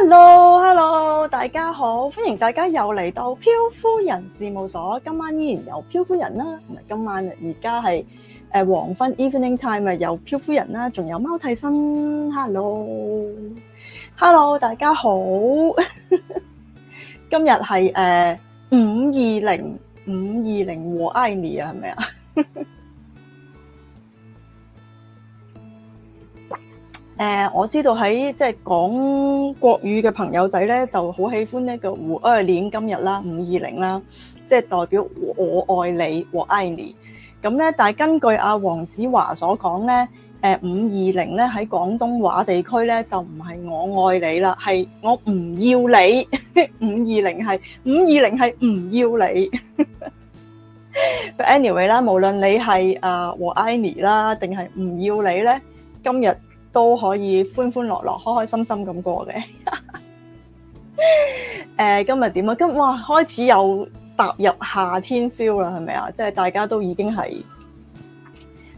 Hello，Hello，hello，大家好，歡迎大家又嚟到飄夫人事務所。今晚依然有飄夫人啦、啊，同埋今晚而家係誒黃昏、呃、evening time 啊，有飄夫人啦、啊，仲有貓替身。Hello，Hello，hello，大家好。 今日係誒五二零五二零和艾 v y 啊，係咪啊？誒、呃、我知道喺即係講國語嘅朋友仔咧，就好喜歡呢個愛戀今日啦，五二零啦，即係代表我愛你和愛你。咁咧，但係根據阿黃子華所講咧，誒五二零咧喺廣東話地區咧就唔係我愛你啦，係我唔要你。五二零係五二零係唔要你。But、anyway 啦，無論你係啊和愛你啦，定係唔要你咧，今日，都可以歡歡樂樂，樂、開開心心咁過嘅。誒、 呃，今日點啊？今日開始有踏入夏天 feel 啦，係咪啊？即、就、係、是、大家都已經係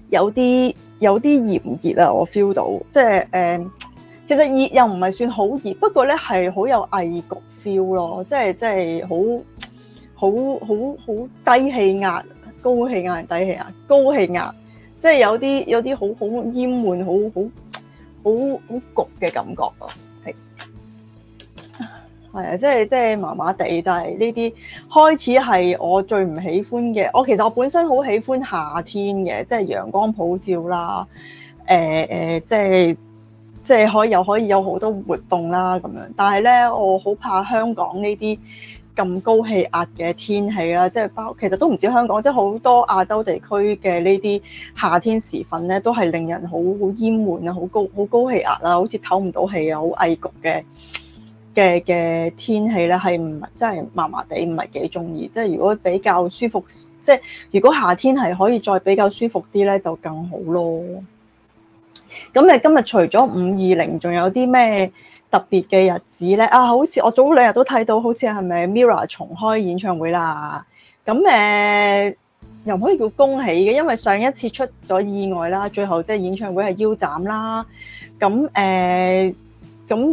有啲有啲炎熱啊。我 feel 到即係誒，其實熱又唔係算好熱，不過咧係好有翳焗 feel 咯。即係即係好好好好低氣壓、高氣壓低氣壓？高氣壓即係、就是、有啲有啲好好翳悶好好。很好好焗嘅感覺咯，係係啊，即係即係麻麻地，就係呢啲開始係我最唔喜歡嘅。我其實我本身好喜歡夏天嘅，即、就、係、是、陽光普照啦，誒、呃、誒，即係即係可又可以有好多活動啦咁樣。但係咧，我好怕香港呢啲。咁高氣壓嘅天氣啦，即係包其實都唔止香港，即係好多亞洲地區嘅呢啲夏天時分咧，都係令人好翳悶啊，好高好高氣壓啦，好似唞唔到氣啊，好翳焗嘅嘅嘅天氣咧，係唔係真係麻麻地，唔係幾中意。即係如果比較舒服，即係如果夏天係可以再比較舒服啲咧，就更好咯。咁你今日除咗五二零，仲有啲咩？特別嘅日子咧，啊，好似我早兩日都睇到，好似係咪 Mirror 重開演唱會啦？咁誒、呃，又唔可以叫恭喜嘅，因為上一次出咗意外啦，最後即係演唱會係腰斬啦。咁誒，咁、呃、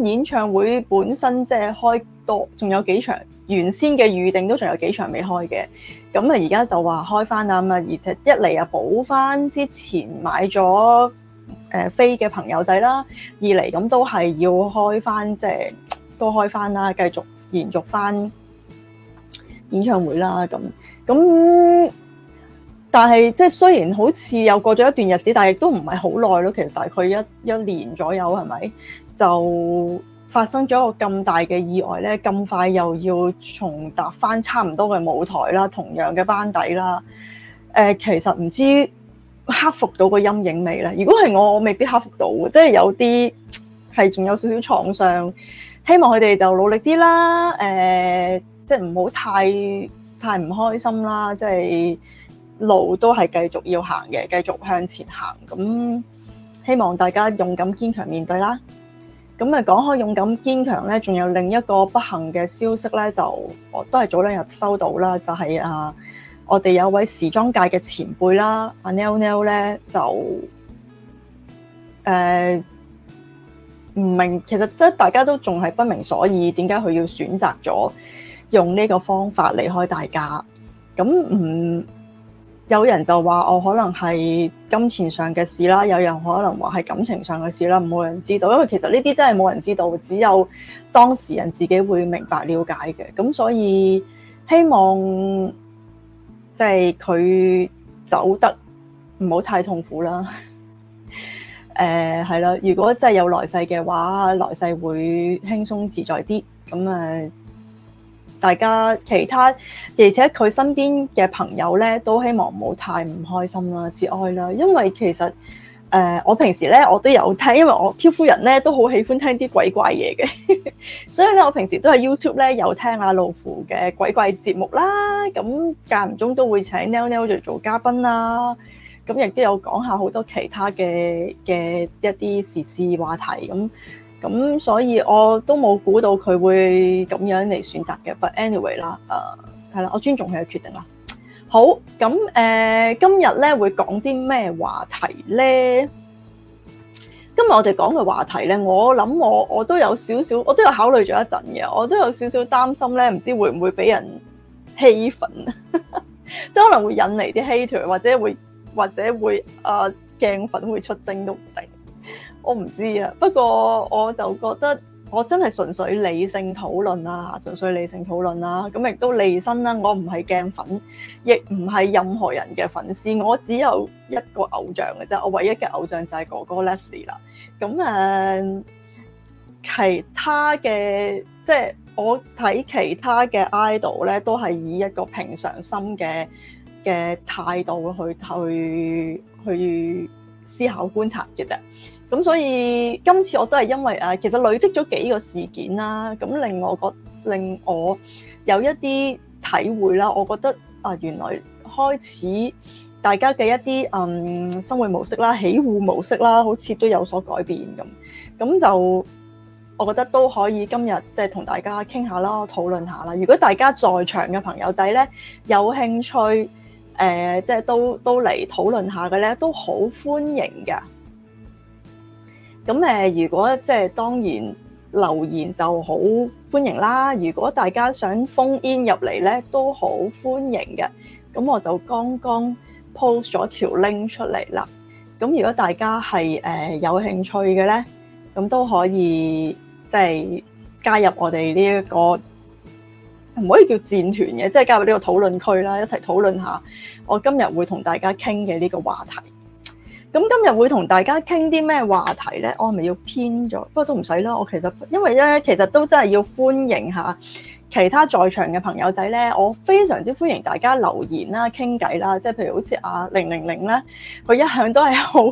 演唱會本身即係開多，仲有幾場原先嘅預定都仲有幾場未開嘅，咁啊而家就話開翻啦咁啊，而且一嚟啊補翻之前買咗，誒飛嘅朋友仔啦，二嚟咁都係要開翻，即係都開翻啦，繼續延續翻演唱會啦，咁咁，但係即係雖然好似又過咗一段日子，但亦都唔係好耐咯，其實大概一一年左右係咪就發生咗一個咁大嘅意外咧？咁快又要重踏翻差唔多嘅舞台啦，同樣嘅班底啦，誒、呃，其實唔知。克服到個陰影未咧？如果係我，我未必克服到嘅，即係有啲係仲有少少創傷。希望佢哋就努力啲啦，誒、呃，即係唔好太太唔開心啦。即係路都係繼續要行嘅，繼續向前行。咁希望大家勇敢堅強面對啦。咁啊，講開勇敢堅強咧，仲有另一個不幸嘅消息咧，就我都係早兩日收到啦，就係、是、啊。我哋有位時裝界嘅前輩啦，阿 Nell Nell 咧就誒唔、呃、明，其實都大家都仲係不明所以，點解佢要選擇咗用呢個方法離開大家？咁唔有人就話我可能係金錢上嘅事啦，有人可能話係感情上嘅事啦，冇人知道，因為其實呢啲真係冇人知道，只有當事人自己會明白了解嘅。咁所以希望。即係佢走得唔好太痛苦啦，誒係啦，如果真係有來世嘅話，來世會輕鬆自在啲。咁啊，大家其他而且佢身邊嘅朋友咧，都希望唔好太唔開心啦，節哀啦，因為其實。誒，uh, 我平時咧，我都有聽，因為我漂夫人咧都好喜歡聽啲鬼怪嘢嘅， 所以咧我平時都喺 YouTube 咧有聽阿路虎嘅鬼怪節目啦，咁間唔中都會請 Neil Neil 做做嘉賓啦，咁亦都有講下好多其他嘅嘅一啲時事話題，咁、嗯、咁、嗯、所以我都冇估到佢會咁樣嚟選擇嘅，but anyway 啦，誒、uh, 係啦，我尊重佢嘅決定啦。好咁、呃、今日咧會講啲咩話題咧？今日我哋講嘅話題咧，我諗我我都有少少，我都有我都考慮咗一陣嘅，我都有少少擔心咧，唔知會唔會俾人氣憤， 即係可能會引嚟啲 hater，或者會或者會啊鏡粉會出征都唔定，我唔知啊。不過我就覺得。我真係純粹理性討論啊，純粹理性討論啦、啊，咁亦都利申啦。我唔係鏡粉，亦唔係任何人嘅粉絲。我只有一個偶像嘅啫，我唯一嘅偶像就係哥哥 Leslie 啦。咁誒，其他嘅即係我睇其他嘅 idol 咧，都係以一個平常心嘅嘅態度去去去思考觀察嘅啫。咁所以今次我都係因為，誒，其實累積咗幾個事件啦，咁令我覺令我有一啲體會啦。我覺得啊，原來開始大家嘅一啲嗯生活模式啦，起戶模式啦，好似都有所改變咁。咁就我覺得都可以今日即係同大家傾下啦，討論下啦。如果大家在場嘅朋友仔咧有興趣，誒、呃，即係都都嚟討論下嘅咧，都好歡迎嘅。咁誒，如果即係當然留言就好歡迎啦。如果大家想烽煙入嚟咧，都好歡迎嘅。咁我就剛剛 post 咗條 link 出嚟啦。咁如果大家係誒有興趣嘅咧，咁都可以即係加入我哋呢一個唔可以叫戰團嘅，即係加入呢個討論區啦，一齊討論下我今日會同大家傾嘅呢個話題。咁今日會同大家傾啲咩話題呢？我係咪要編咗？不過都唔使啦。我其實因為咧，其實都真係要歡迎下其他在場嘅朋友仔呢。我非常之歡迎大家留言啦、傾偈啦。即係譬如好似阿、啊、零零零呢，佢一向都係好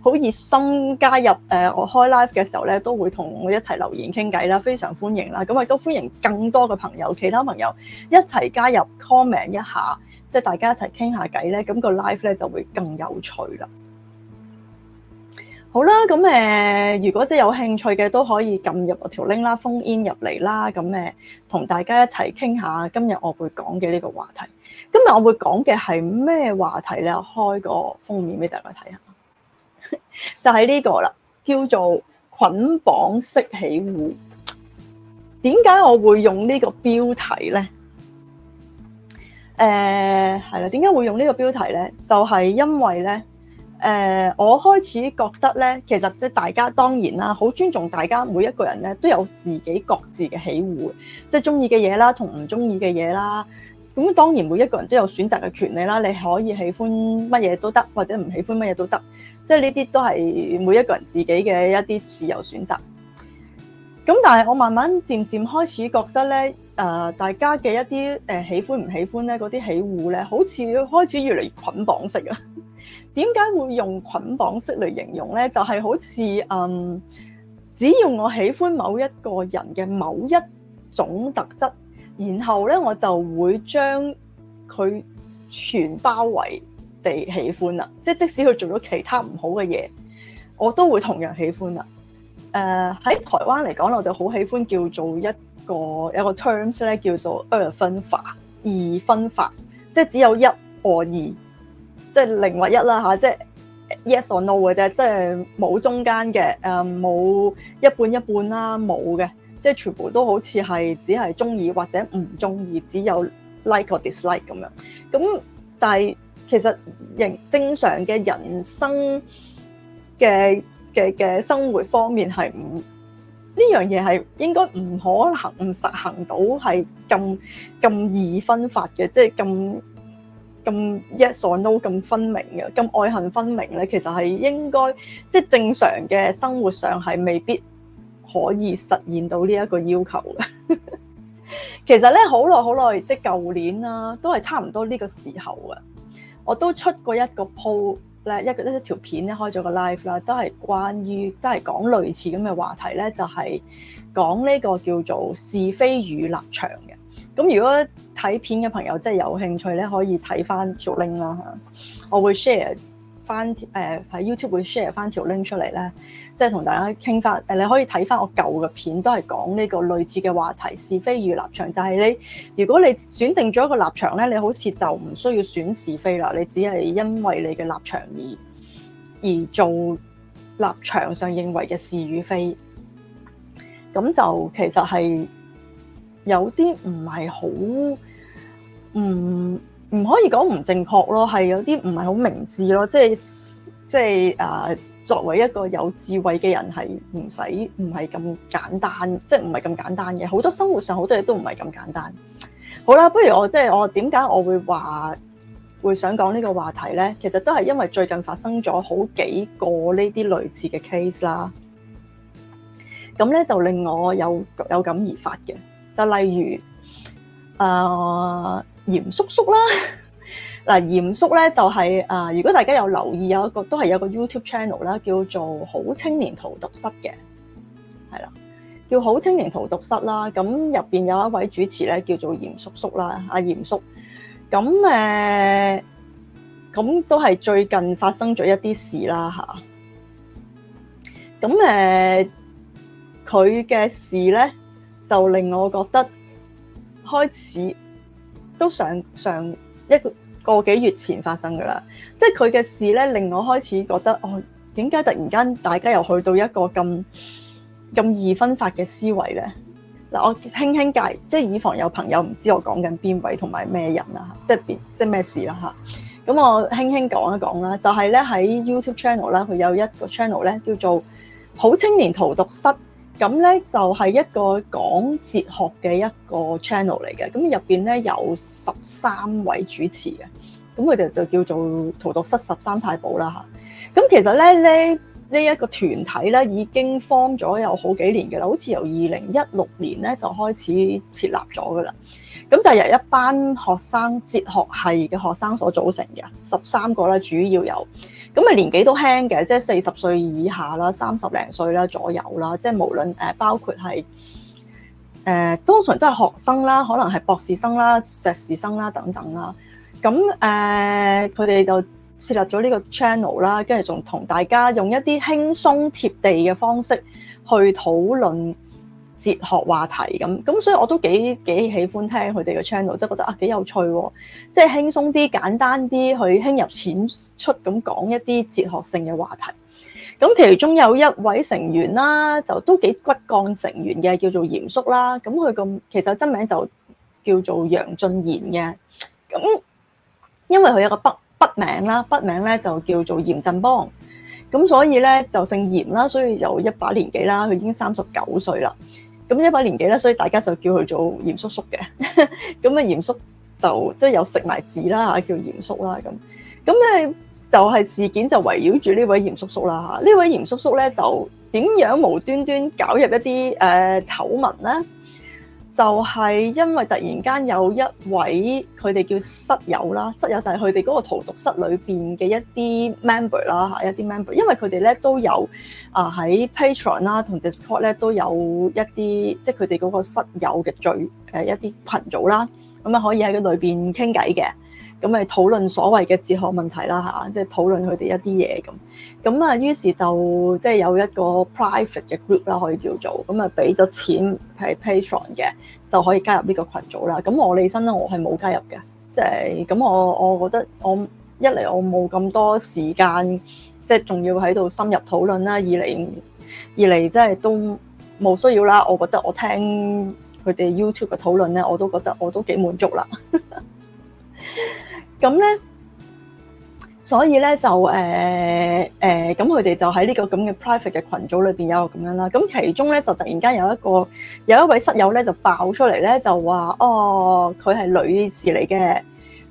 好熱心加入誒、呃、我開 live 嘅時候呢，都會同我一齊留言傾偈啦，非常歡迎啦。咁亦都歡迎更多嘅朋友，其他朋友一齊加入 comment 一下，即係大家一齊傾下偈呢，咁、個 live 呢就會更有趣啦。好啦，咁誒，如果即係有興趣嘅，都可以撳入我條 link 啦，封煙入嚟啦，咁誒，同大家一齊傾下今日我會講嘅呢個話題。今日我會講嘅係咩話題咧？開個封面俾大家睇下， 就係呢、呢個啦，叫做捆綁式喜惡。點解我會用呢個標題咧？誒、呃，係啦，點解會用呢個標題咧？就係、係、因為咧。誒、呃，我開始覺得咧，其實即係大家當然啦，好尊重大家每一個人咧都有自己各自嘅、就是、喜惡，即係中意嘅嘢啦，同唔中意嘅嘢啦。咁當然每一個人都有選擇嘅權利啦。你可以喜歡乜嘢都得，或者唔喜歡乜嘢都得，即係呢啲都係每一個人自己嘅一啲自由選擇。咁但係我慢慢漸漸開始覺得咧，誒、呃，大家嘅一啲誒喜歡唔喜歡咧，嗰啲喜惡咧，好似開始越嚟越捆綁式啊。點解會用捆綁式嚟形容呢？就係、是、好似嗯、呃，只要我喜歡某一個人嘅某一種特質，然後呢，我就會將佢全包圍地喜歡啦。即即使佢做咗其他唔好嘅嘢，我都會同樣喜歡啦。喺、呃、台灣嚟講，我就好喜歡叫做一個有個 terms 咧，叫做二分法，二分法，即係只有一和二。即係零或一啦嚇，即係 yes or no 嘅啫，即係冇中間嘅，誒冇一半一半啦，冇嘅，即係全部都好似係只係中意或者唔中意，只有 like 或 dislike 咁樣。咁但係其實人正常嘅人生嘅嘅嘅生活方面係唔呢樣嘢係應該唔可能唔實行到係咁咁二分法嘅，即係咁。咁 yes or no 咁分明嘅，咁愛恨分明咧，其實係應該即係正常嘅生活上係未必可以實現到呢一個要求嘅。 其實咧，好耐好耐，即係舊年啦，都係差唔多呢個時候啊，我都出過一個 po 咧，一個一條片咧，開咗個 live 啦，都係關於都係講類似咁嘅話題咧，就係、是、講呢個叫做是非與立場嘅。咁如果睇片嘅朋友真係有興趣咧，可以睇翻條 link 啦。我會 share 翻誒喺、呃、YouTube 會 share 翻條 link 出嚟咧，即係同大家傾翻誒，你可以睇翻我舊嘅片，都係講呢個類似嘅話題，是非與立場。就係、是、你如果你選定咗一個立場咧，你好似就唔需要選是非啦，你只係因為你嘅立場而而做立場上認為嘅是與非。咁就其實係。有啲唔係好唔唔可以講唔正確咯，係有啲唔係好明智咯，即係即係啊，作為一個有智慧嘅人係唔使唔係咁簡單，即係唔係咁簡單嘅，好多生活上好多嘢都唔係咁簡單。好啦，不如我即係我點解我，我會話會想講呢個話題咧？其實都係因為最近發生咗好幾個呢啲類似嘅 case 啦，咁咧就令我有有感而發嘅。就例如，啊、呃，嚴叔叔啦，嗱， 嚴叔咧就係、是、啊、呃，如果大家有留意，有一個都係有個 YouTube channel 啦，叫做好青年荼毒室嘅，係啦，叫好青年荼毒室啦，咁入邊有一位主持咧，叫做嚴叔叔啦，阿、啊、嚴叔，咁誒，咁、呃、都係最近發生咗一啲事啦，吓、啊，咁誒，佢、呃、嘅事咧。就令我覺得開始都上上一個個幾月前發生噶啦，即係佢嘅事咧，令我開始覺得哦，點解突然間大家又去到一個咁咁二分法嘅思維咧？嗱，我輕輕解，即係以防有朋友唔知道我講緊邊位同埋咩人啦，即係即咩事啦吓，咁我輕輕講一講啦，就係、是、咧喺 YouTube channel 啦，佢有一個 channel 咧叫做《好青年荼毒室》。咁咧就係一個講哲學嘅一個 channel 嚟嘅，咁入面咧有十三位主持嘅，咁佢哋就叫做荼毒室十三太保啦嚇。咁其實咧，呢呢一個團體咧已經 form 咗有好幾年嘅啦，好似由二零一六年咧就開始設立咗噶啦。咁就由一班學生哲學系嘅學生所組成嘅，十三個呢，主要有。咁啊年紀都輕嘅，即係四十歲以下啦，三十零歲啦左右啦，即係無論誒，包括係誒、呃，通常都係學生啦，可能係博士生啦、碩士生啦等等啦。咁誒，呃、佢哋就設立咗呢個 channel 啦，跟住仲同大家用一啲輕鬆貼地嘅方式去討論。哲學話題咁咁，所以我都幾幾喜歡聽佢哋嘅 channel，即係覺得啊幾有趣喎，即係輕鬆啲、簡單啲，佢輕入淺出咁講一啲哲學性嘅話題。咁其中有一位成員啦，就都幾骨幹成員嘅，叫做嚴叔啦。咁佢咁其實真名就叫做楊俊賢嘅。咁因為佢有個筆筆名啦，筆名咧就叫做嚴振邦。咁所以咧就姓嚴啦，所以就一把年紀啦，佢已經三十九歲啦。咁一把年紀咧，所以大家就叫佢做嚴叔叔嘅。咁 嚴叔就即係有食埋字啦，叫嚴叔啦咁。就係事件就圍繞住呢位嚴叔叔啦。呢位嚴叔叔呢，就點樣無端端搞入一啲誒醜聞咧？呃醜聞呢就係因為突然間有一位佢哋叫室友啦，室友就係佢哋嗰個荼毒室裏邊嘅一啲 member 啦，嚇一啲 member，因為佢哋咧都有啊喺 Patreon 啦同 Discord 咧都有一啲，即係佢哋嗰個室友嘅聚誒一啲群組啦，咁啊可以喺佢裏邊傾偈嘅。咁咪討論所謂嘅哲學問題啦嚇，即係討論佢哋一啲嘢咁。咁啊，於是就即係有一個 private 嘅 group 啦，可以叫做咁啊，俾咗錢係 Patreon 嘅就可以加入呢個群組啦。咁我本身咧，我係冇加入嘅，即係咁我我覺得我一嚟我冇咁多時間，即係仲要喺度深入討論啦；二嚟二嚟，即係都冇需要啦。我覺得我聽佢哋 YouTube 嘅討論咧，我都覺得我都幾滿足啦。 咁咧，所以呢，就誒誒，咁佢哋就喺呢個咁嘅 private 嘅群組裏邊有咁樣啦。咁其中呢，就突然間有一個有一位室友就爆出嚟咧，就話哦，佢係女士嚟嘅。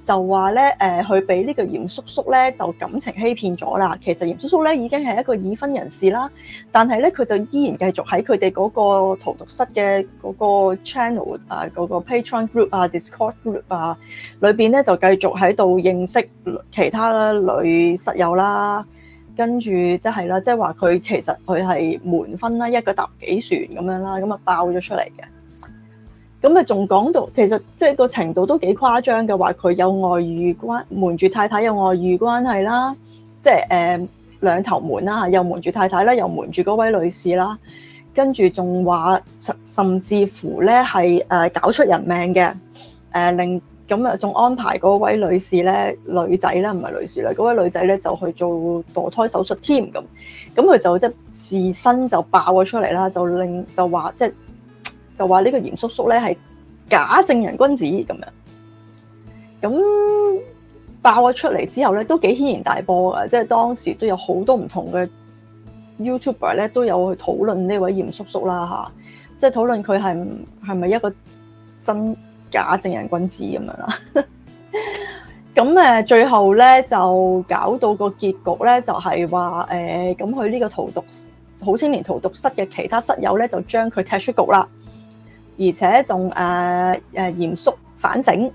就話咧，誒佢俾呢個嚴叔叔咧就感情欺騙咗啦。其實嚴叔叔咧已經係一個已婚人士啦，但係咧佢就依然繼續喺佢哋嗰個荼毒室嘅嗰個 channel 啊、嗰個 Patreon group 啊、Discord group 啊裏面咧就繼續喺度認識其他女室友啦，跟住即係啦，即係話佢其實佢係瞞婚啦，一個搭幾船咁樣啦，咁啊爆咗出嚟嘅。咁啊，仲講到其實即係個程度都幾誇張嘅，話佢有外遇關，瞞住太太有外遇關係啦，即係誒兩頭瞞啦，又瞞住太太啦，又瞞住嗰位女士啦，跟住仲話甚至乎咧係誒搞出人命嘅，誒令咁啊，仲安排嗰位女士咧女仔啦，唔係女士啦，嗰位女仔咧就去做墮胎手術添，咁咁佢就即係自身就爆咗出嚟啦，就令就話即係。即係就話呢個嚴叔叔咧係假正人君子咁樣，咁爆咗出嚟之後咧，都幾軒然大波㗎！即係當時都有好多唔同嘅 YouTuber 咧都有去討論呢位嚴叔叔啦吓，即係討論佢係係咪一個真假正人君子咁樣啦。咁誒最後咧就搞到個結局咧就係話誒咁佢呢個荼毒好青年荼毒室嘅其他室友咧就將佢踢出局啦。而且仲誒誒嚴肅反省誒、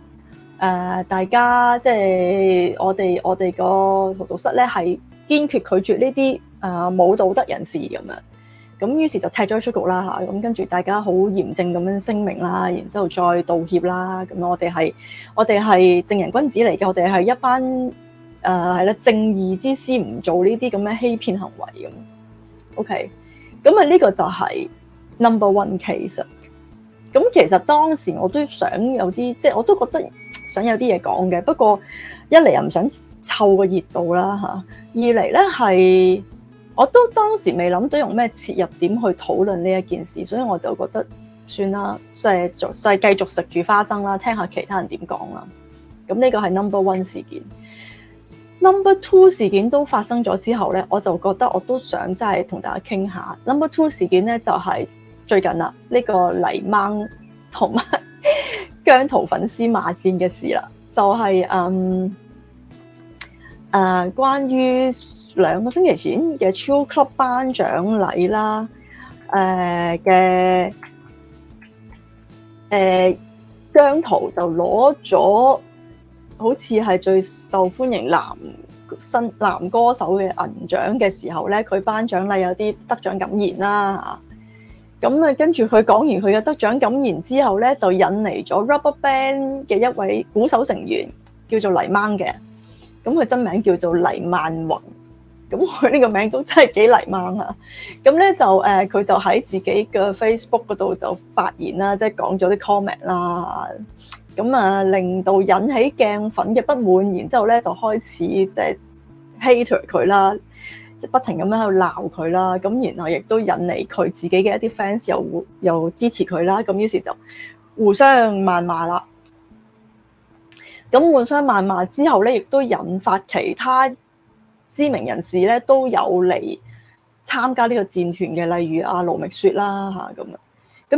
啊，大家即係、就是、我哋我哋個荼毒室咧，係堅決拒絕呢啲啊冇道德人士咁樣咁。於是就踢咗出局啦嚇。咁、啊、跟住大家好嚴正咁樣聲明啦，然之後再道歉啦。咁我哋係我哋係正人君子嚟嘅，我哋係一班誒係啦，正義之師，唔做呢啲咁嘅欺騙行為咁。OK，咁啊呢個就係 Number One case。咁其實當時我都想有啲，即係我都覺得想有啲嘢講嘅。不過一嚟又唔想湊個熱度啦嚇，二嚟咧係我都當時未諗到用咩切入點去討論呢一件事，所以我就覺得算啦，即係做即係繼續食住花生啦，聽下其他人點講啦。咁呢個係 number one 事件，number two 事件都發生咗之後咧，我就覺得我都想真係同大家傾下。number two 事件咧就係、是。最近啦，呢、這個泥鯭同埋姜濤粉絲罵戰嘅事啦，就係、是、嗯誒、呃，關於兩個星期前嘅 Chill Club 頒獎禮啦，誒嘅誒姜濤就攞咗好似係最受歡迎男新男歌手嘅銀獎嘅時候咧，佢頒獎禮有啲得獎感言啦啊！咁啊，跟住佢講完佢嘅得獎感言之後咧，就引嚟咗 Rubberband 嘅一位鼓手成員，叫做泥鯭嘅。咁佢真名叫做黎萬宏。咁佢呢個名都真係幾泥鯭啊！咁咧就誒，佢就喺自己嘅 Facebook 嗰度就發言啦，即係講咗啲 comment 啦。咁啊，令到引起鏡粉嘅不滿，然之後咧就開始即係 hater 佢啦。即不停咁樣喺度鬧佢啦，咁然後亦都引嚟佢自己嘅一啲 fans 又又支持佢啦，咁於是就互相謾罵啦。咁互相謾罵之後咧，亦都引發其他知名人士咧都有嚟參加呢個戰團嘅，例如阿盧覓雪啦嚇咁樣，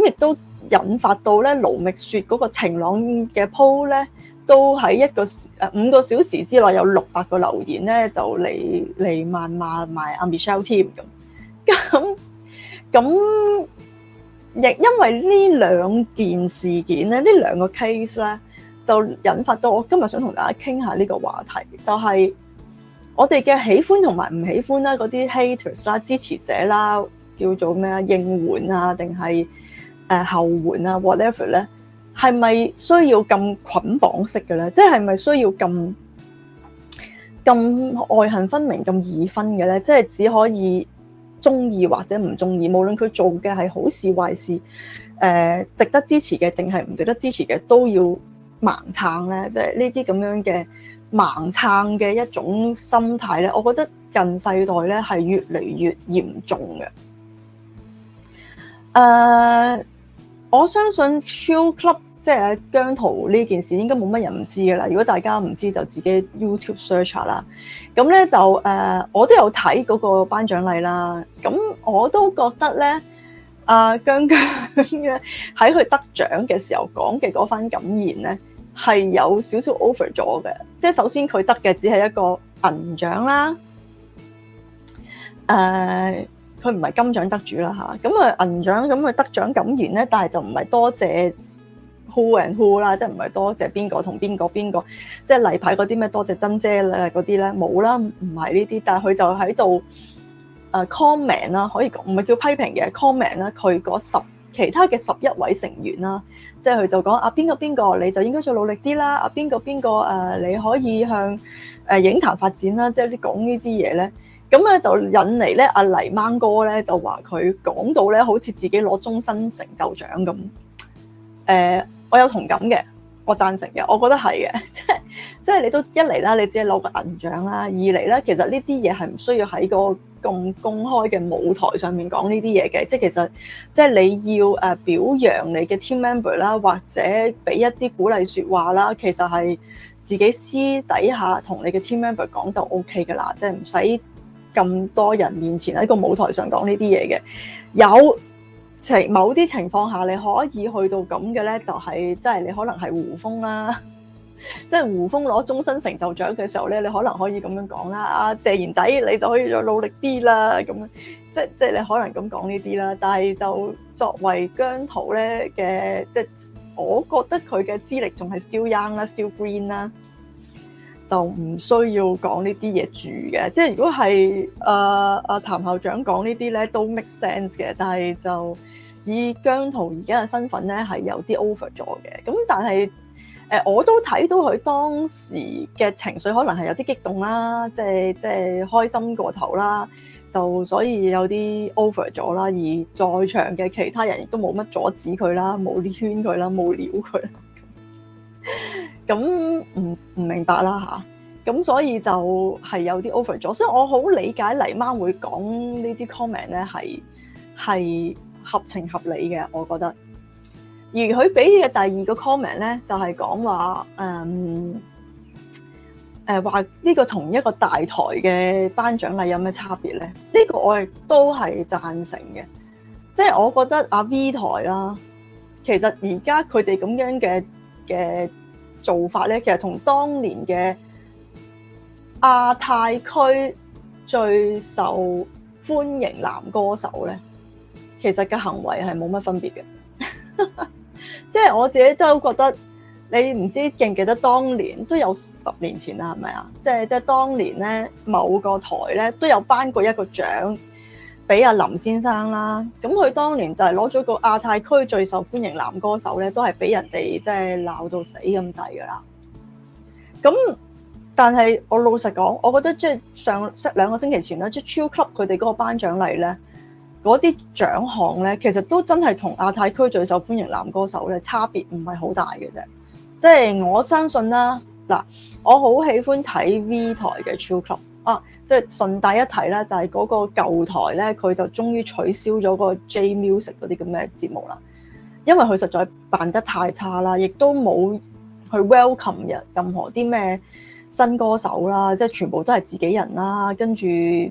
咁亦都引發到咧盧覓雪嗰個晴朗嘅 po 咧。都喺一個時誒五個小時之內有六百個留言咧，就嚟嚟慢罵埋阿 Michelle 添咁咁咁，亦、啊、因為呢兩件事件咧，呢兩個 case 咧，就引發到我今日想同大家傾下呢個話題，就係、是、我哋嘅喜歡同埋唔喜歡啦，嗰啲 haters 啦、支持者啦，叫做咩啊？應援啊，定係誒後援啊？whatever 咧。係咪需要咁捆綁式嘅咧？即係係咪需要咁咁外行分明咁易分嘅咧？即、就、係、是、只可以中意或者唔中意，無論佢做嘅係好事壞事，誒、呃、值得支持嘅定係唔值得支持嘅，都要盲撐咧？即係呢啲咁樣嘅盲撐嘅一種心態咧，我覺得近世代咧係越嚟越嚴重嘅。誒、uh。我相信 Chill Club 即係姜濤呢件事應該冇乜人唔知噶啦。如果大家唔知就自己 YouTube search 下啦。咁咧就誒、呃，我都有睇嗰個頒獎禮啦。咁我都覺得咧，阿、呃、姜姜喺佢得獎嘅時候講嘅嗰番感言咧，係有少少 over 咗嘅。即係首先佢得嘅只係一個銀獎啦。誒、呃。佢唔係金獎得主啦吓，咁啊銀獎咁佢得獎感言咧，但係就唔係多謝 who and who 啦，即係唔係多謝邊個同邊個邊個，即係、就是、例牌嗰啲咩多謝珍姐咧嗰啲咧冇啦，唔係呢啲，但係佢就喺度誒 comment 啦，可以講，唔係叫批評嘅 comment 啦，佢嗰十其他嘅十一位成員啦，即係佢就講、是、啊邊個邊個你就應該再努力啲啦，啊邊個邊個誒、呃、你可以向誒影壇發展啦，即係啲講呢啲嘢咧。咁咧就引嚟咧阿黎萬哥咧就話佢講到咧好似自己攞終身成就獎咁。誒、呃，我有同感嘅，我贊成嘅，我覺得係嘅，即係即係你都一嚟啦，你只係攞個銀獎啦；二嚟咧，其實呢啲嘢係唔需要喺個咁公開嘅舞台上面講呢啲嘢嘅。即係其實即係你要誒表揚你嘅 team member 啦，或者俾一啲鼓勵說話啦，其實係自己私底下同你嘅 team member 講就 O K 噶啦，即係唔使。咁多人面前喺個舞台上講呢啲嘢嘅。有某些情某啲情況下你可以去到咁嘅咧，就係、是、即係你可能係胡楓啦，即係胡楓攞終身成就獎嘅時候咧，你可能可以咁樣講啦。啊，謝賢仔，你就可以再努力啲啦，咁即即係你可能咁講呢啲啦。但係就作為姜濤咧嘅，即係我覺得佢嘅資歷仲係 still young 啦，still green 啦。就唔需要講呢啲嘢住嘅，即係如果係、呃、啊啊譚校長講呢啲咧都 make sense 嘅，但係就以姜濤而家嘅身份咧係有啲 over 咗嘅。咁但係誒、呃、我都睇到佢當時嘅情緒可能係有啲激動啦，即係即係開心過頭啦，就所以有啲 over 咗啦。而在場嘅其他人亦都冇乜阻止佢啦，冇圈佢啦，冇撩佢。 咁唔唔明白啦吓，咁所以就係有啲 over 咗，所以我好理解黎媽會講呢啲 comment 咧，係係合情合理嘅，我覺得。而佢俾嘅第二個 comment 咧，就係講話，誒、嗯，誒，話呢個同一個大台嘅頒獎禮有咩差別咧？呢個我亦都係贊成嘅，即係我覺得阿 V 台啦，其實而家佢哋咁樣嘅嘅。做法咧，其實同當年嘅亞太區最受歡迎男歌手咧，其實嘅行為係冇乜分別嘅。即 係我自己都覺得，你唔知記唔記得當年都有十年前啦，係咪啊？即係即係當年咧，某個台咧都有頒過一個獎。俾阿林先生啦，咁佢當年就係攞咗個亞太區最受歡迎男歌手咧，都係俾人哋即係鬧到死咁滯㗎喇。咁但係我老實講，我覺得即係上兩兩個星期前咧，即係 Chill Club 佢哋嗰個頒獎禮咧，嗰啲獎項咧，其實都真係同亞太區最受歡迎男歌手咧差別唔係好大嘅啫。即係我相信啦，嗱，我好喜歡睇 V 台嘅 Chill Club 啊！即係順帶一提啦，就係嗰個舊台咧，佢就終於取消咗個 J Music 嗰啲咁嘅節目啦，因為佢實在辦得太差啦，亦都冇去 welcome 人任何啲咩新歌手啦，即係全部都係自己人啦，跟住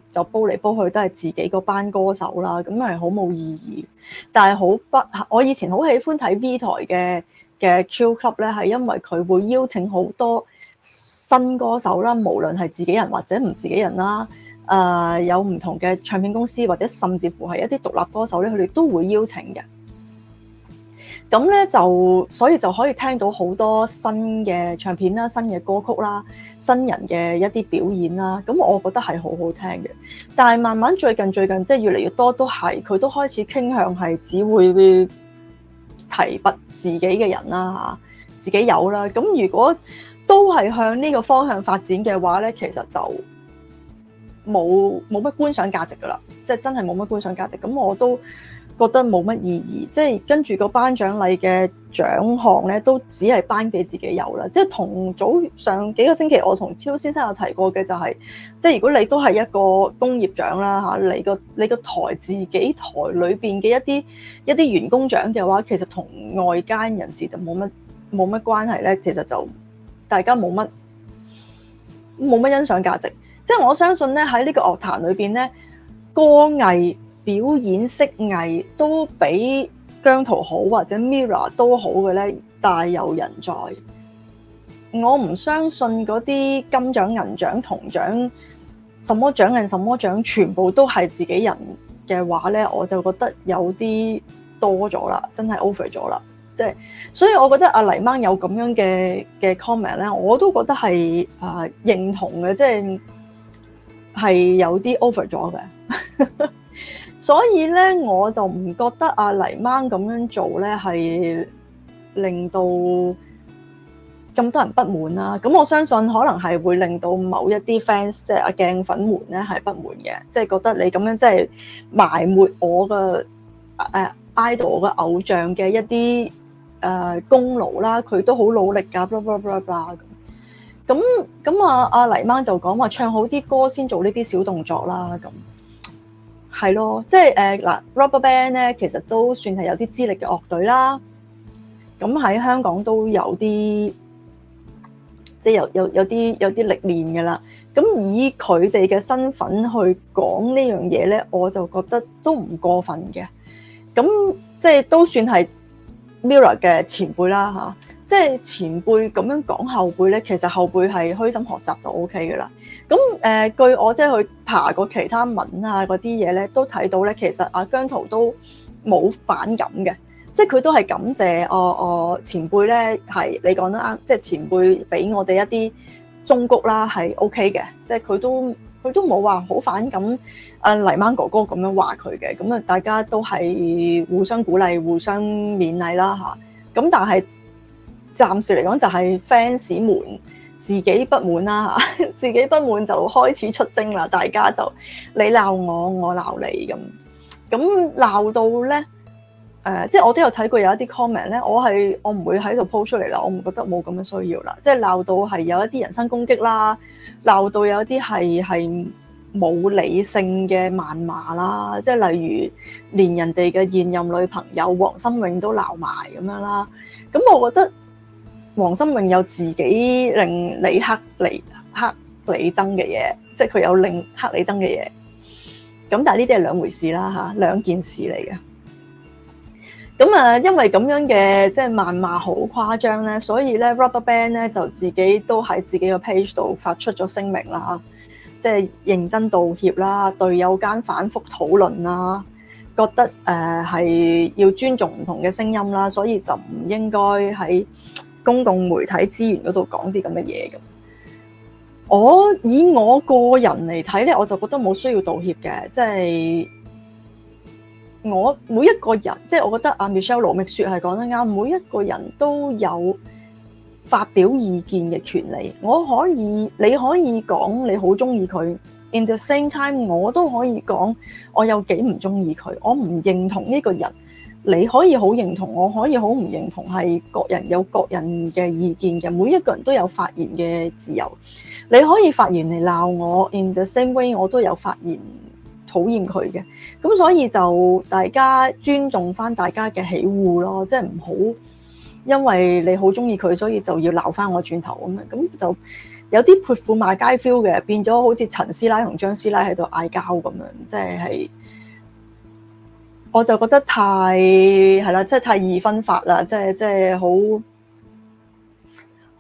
就煲嚟煲去都係自己嗰班歌手啦，咁係好冇意義。但係好不，我以前好喜歡睇 V 台嘅嘅 Chill Club 咧，係因為佢會邀請好多。新歌手啦，無論係自己人或者唔自己人啦，誒、呃、有唔同嘅唱片公司，或者甚至乎係一啲獨立歌手咧，佢哋都會邀請嘅。咁咧就所以就可以聽到好多新嘅唱片啦、新嘅歌曲啦、新人嘅一啲表演啦。咁我覺得係好好聽嘅。但係慢慢最近最近，即係越嚟越多都係，佢都開始傾向係只會提拔自己嘅人啦嚇，自己有啦。咁如果都係向呢個方向發展嘅話呢，其實就冇冇乜觀賞價值㗎啦，即係真係冇乜觀賞價值。咁我都覺得冇乜意義，即係跟住個頒獎禮嘅獎項呢，都只係頒俾自己有啦。即係同早上幾個星期，我同 Q 先生有提過嘅就係，即係如果你都係一個工業獎啦嚇、啊，你個你個台自己台裏邊嘅一啲一啲員工獎嘅話，其實同外間人士就冇乜冇乜關係呢。其實就。大家冇乜冇乜欣賞價值，即係我相信咧喺呢個樂壇裏邊咧，歌藝表演、色藝都比姜濤好或者 MIRROR 都好嘅咧，大有人在。我唔相信嗰啲金獎、銀獎、銅獎，什麼獎、銀什麼獎，全部都係自己人嘅話咧，我就覺得有啲多咗啦，真係 over 咗啦。即係，所以我覺得阿黎鯭有咁樣嘅嘅 comment 咧，我都覺得係啊認同嘅，即係係有啲 over 咗嘅。 所以咧，我就唔覺得阿黎鯭咁樣做咧係令到咁多人不滿啦。咁我相信可能係會令到某一啲 fans 即係阿鏡粉們咧係不滿嘅，即、就、係、是、覺得你咁樣即係埋沒我嘅誒 idol 嘅偶像嘅一啲。誒、呃、功勞啦，佢都好努力㗎，bla bla bla bla 咁。咁 bl 咁、ah、啊，阿黎萬就講話唱好啲歌先做呢啲小動作啦。咁係咯，即係誒、呃、嗱，Rubberband 咧其實都算係有啲資歷嘅樂隊啦。咁喺香港都有啲，即係有有有啲有啲歷練嘅啦。咁以佢哋嘅身份去講呢樣嘢咧，我就覺得都唔過分嘅。咁即係都算係 Mirror 嘅前輩啦嚇，即係前輩咁樣講後輩咧，其實後輩係虛心學習就 OK 嘅啦。咁誒、呃，據我即係去爬過其他文啊嗰啲嘢咧，都睇到咧，其實阿姜濤都冇反感嘅，即係佢都係感謝我我、哦哦、前輩咧，係你講得啱，即係前輩俾我哋一啲忠告啦，係 OK 嘅，即係佢都。佢都冇話好反感，阿黎萬哥哥咁樣話佢嘅，咁啊大家都係互相鼓勵、互相勉勵啦吓，咁但係暫時嚟講就係 fans 們自己不滿啦，自己不滿就開始出征啦，大家就你鬧我，我鬧你咁，咁鬧到咧。誒、呃，即係我都有睇過有一啲 comment 咧，我係我唔會喺度 po 出嚟啦，我唔覺得冇咁嘅需要啦。即係鬧到係有一啲人身攻擊啦，鬧到有一啲係係冇理性嘅謾罵啦。即係例如連人哋嘅現任女朋友黃心穎都鬧埋咁樣啦。咁我覺得黃心穎有自己令李克李克李爭嘅嘢，即係佢有令克李爭嘅嘢。咁但係呢啲係兩回事啦，嚇，兩件事嚟嘅。咁啊，因為咁樣嘅即係謾罵好誇張咧，所以咧 Rubberband 咧就自己都喺自己嘅 page 度發出咗聲明啦，即係認真道歉啦，對有間反覆討論啦，覺得誒係要尊重唔同嘅聲音啦，所以就唔應該喺公共媒體資源嗰度講啲咁嘅嘢咁。我以我個人嚟睇咧，我就覺得冇需要道歉嘅，即係。我每一個人，即係我覺得阿 Michelle 盧覓雪係講得啱，每一個人都有發表意見嘅權利。我可以，你可以講你好中意佢；in the same time，我都可以講我有幾唔中意佢，我唔認同呢個人。你可以好認同，我可以好唔認同，係各人有各人嘅意見嘅。每一個人都有發言嘅自由，你可以發言嚟鬧我；in the same way，我都有發言。討厭佢嘅，咁所以就大家尊重翻大家嘅喜惡咯，即係唔好因為你好中意佢，所以就要鬧翻我轉頭咁樣，咁就有啲潑婦罵街 feel 嘅，變咗好似陳師奶同張師奶喺度嗌交咁樣，即係係我就覺得太係啦，即係太二分法啦，即係即係好。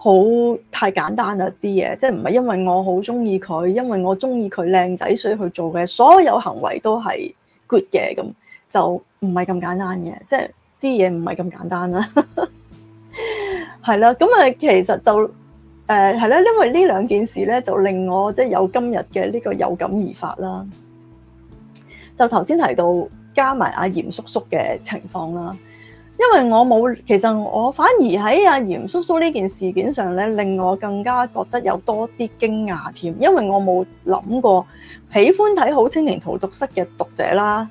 好太簡單啦！啲嘢即係唔係因為我好中意佢，因為我中意佢靚仔所以去做嘅所有行為都係 good 嘅，咁就唔係咁簡單嘅，即係啲嘢唔係咁簡單啦。係 啦，咁啊，其實就誒係啦，因為呢兩件事咧，就令我即係有今日嘅呢個有感而發啦。就頭先提到加埋阿嚴叔叔嘅情況啦。因為我冇，其實我反而喺阿嚴叔叔呢件事件上咧，令我更加覺得有多啲驚訝添。因為我冇諗過，喜歡睇《好青年荼毒室》嘅讀者啦，